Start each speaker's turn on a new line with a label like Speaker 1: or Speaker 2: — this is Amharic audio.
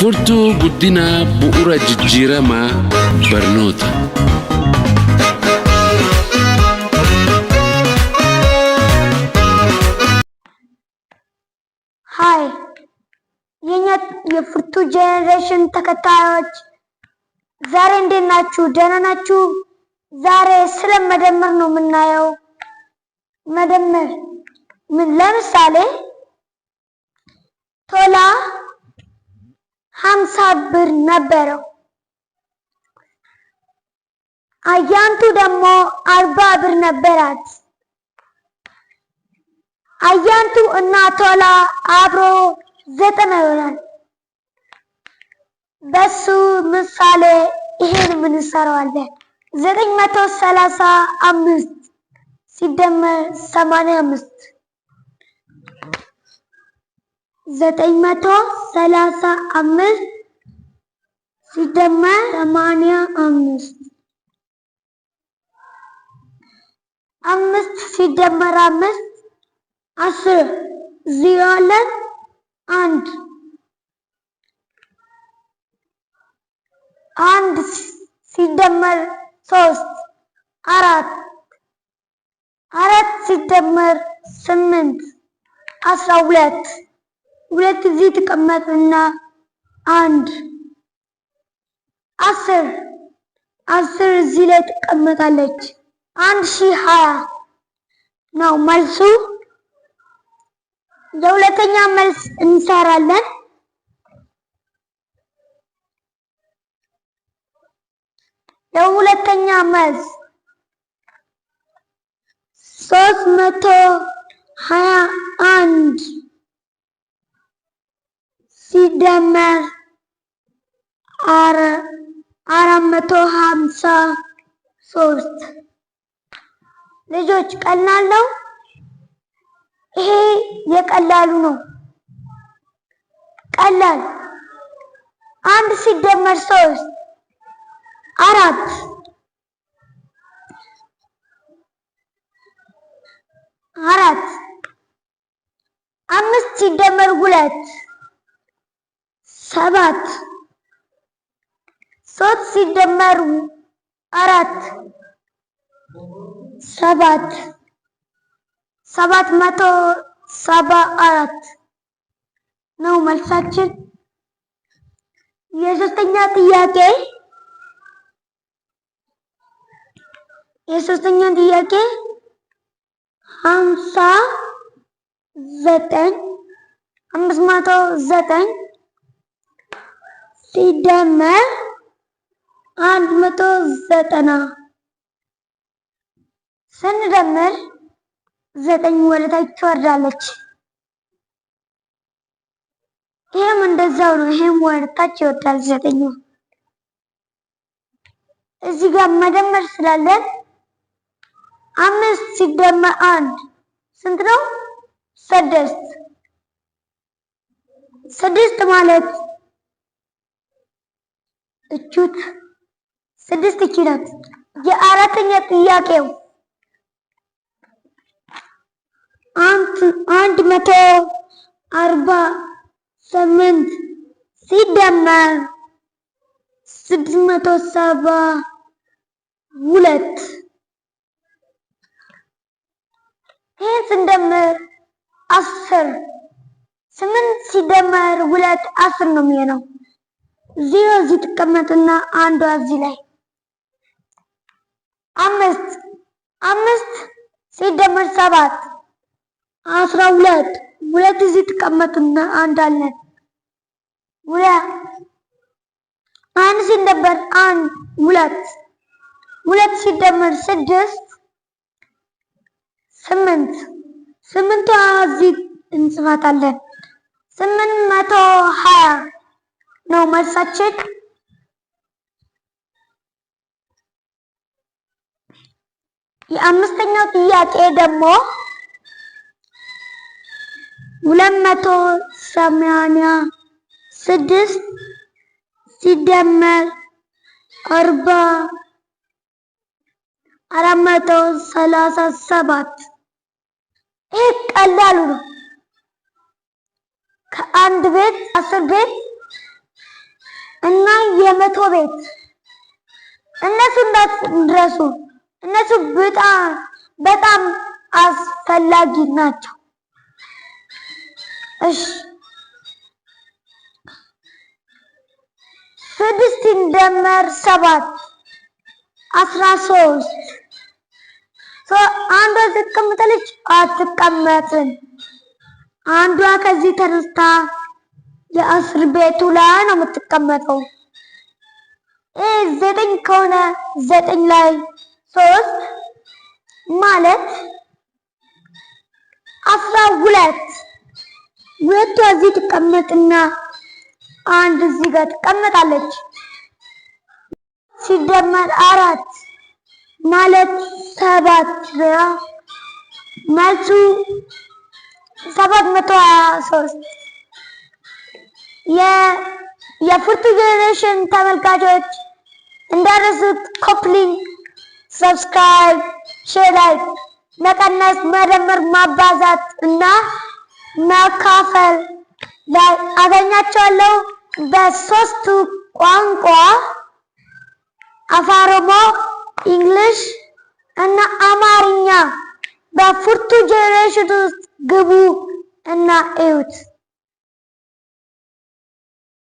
Speaker 1: Furtuu guddinaa bu'uura jijjiiramaa barnoota. ሀይ የኛ የፍርቱ ጄኔሬሽን ተከታዮች ዛሬ እንዴት ናችሁ? ደህና ናችሁ? ዛሬ ስለ መደመር ነው የምናየው። መደመር ምን? ለምሳሌ ቶላ ሀምሳ ብር ነበረው። አያንቱ ደግሞ አርባ ብር ነበራት። አያንቱ እና ቶላ አብሮ ዘጠና ይሆናል። በሱ ምሳሌ ይሄን ምን እንሰራዋለን? ዘጠኝ መቶ ሰላሳ አምስት ሲደመር ሰማንያ አምስት ዘጠኝ መቶ ሰላሳ አምስት ሲደመር ሰማንያ አምስት አምስት ሲደመር አምስት አስር ዜሮ ሁለት አንድ አንድ ሲደመር ሶስት አራት አራት ሲደመር ስምንት አስራ ሁለት ሁለት እዚህ ተቀመጡና አንድ አስር አስር እዚህ ላይ ትቀመጣለች። አንድ ሺህ ሀያ ነው መልሱ። የሁለተኛ መልስ እንሰራለን። የሁለተኛ መልስ ሶስት መቶ ሀያ አንድ ሲደመር አራት መቶ ሀምሳ ሶስት ልጆች ቀላል ነው። ይሄ የቀላሉ ነው። ቀላል አንድ ሲደመር ሶስት አራት አራት አምስት ሲደመር ሁለት ሰባት ሶስት ሲደመሩ አራት ሰባት ሰባት መቶ ሰባ አራት ነው መልሳችን። የሶስተኛ ጥያቄ የሶስተኛ ጥያቄ ሀምሳ ዘጠኝ አምስት መቶ ዘጠኝ ሲደመር አንድ መቶ ዘጠና ስንደምር ዘጠኝ ወደታች ትወርዳለች። ይህም እንደዛው ነው። ይህም ወደታች ይወርዳል ዘጠኝ። እዚህ ጋር መደመር ስላለን አምስት ሲደመር አንድ ስንት ነው? ስድስት ስድስት ማለት እቹት ስድስት እቺ ናት። የአራተኛ ጥያቄው አንድ መቶ አርባ ስምንት ሲደመር ስድስት መቶ ሰባ ሁለት ይህን ስንደምር አስር ስምንት ሲደመር ሁለት አስር ነው የሚሆነው። ዜሮ እዚህ ትቀመጥና አንዷ እዚህ ላይ አምስት አምስት ሲደመር ሰባት አስራ ሁለት ሁለት እዚህ ትቀመጥና አንድ አለን ሁለት አንድ ሲደመር አንድ ሁለት ሁለት ሲደመር ስድስት ስምንት ስምንቷ እዚህ እንጽፋታለን ስምንት መቶ ሀያ ነው መልሳችን። የአምስተኛው ጥያቄ ደግሞ ሁለት መቶ ሰማንያ ስድስት ሲደመር አርባ አራት መቶ ሰላሳ ሰባት ይህ ቀላሉ ነው። ከአንድ ቤት አስር ቤት እና የመቶ ቤት እነሱ እንዳትረሱ። እነሱ በጣም በጣም አስፈላጊ ናቸው። እሺ ስድስት ደመር ሰባት አስራ ሶስት አንዷ ትቀመጣለች አትቀመጥን አንዷ ከዚህ ተነስታ የእስር ቤቱ ላይ ነው የምትቀመጠው። ዘጠኝ ከሆነ ዘጠኝ ላይ ሶስት ማለት አስራ ሁለት ሁለቷ እዚህ ትቀመጥና አንድ እዚህ ጋር ትቀመጣለች። ሲደመር አራት ማለት ሰባት ነው። መልሱ ሰባት መቶ ሀያ ሶስት የፉርቱ ጄኔሬሽን ተመልካቾች እንዳረሱት ኮፕሊንግ ሰብስክራይብ፣ ሼር፣ ላይክ፣ መቀነስ፣ መደመር፣ ማባዛት እና መካፈል ላይ አገኛቸዋለሁ በሶስቱ ቋንቋ አፋሮሞ፣ እንግሊሽ እና አማርኛ በፉርቱ ጄኔሬሽን ውስጥ ግቡ እና እዩት።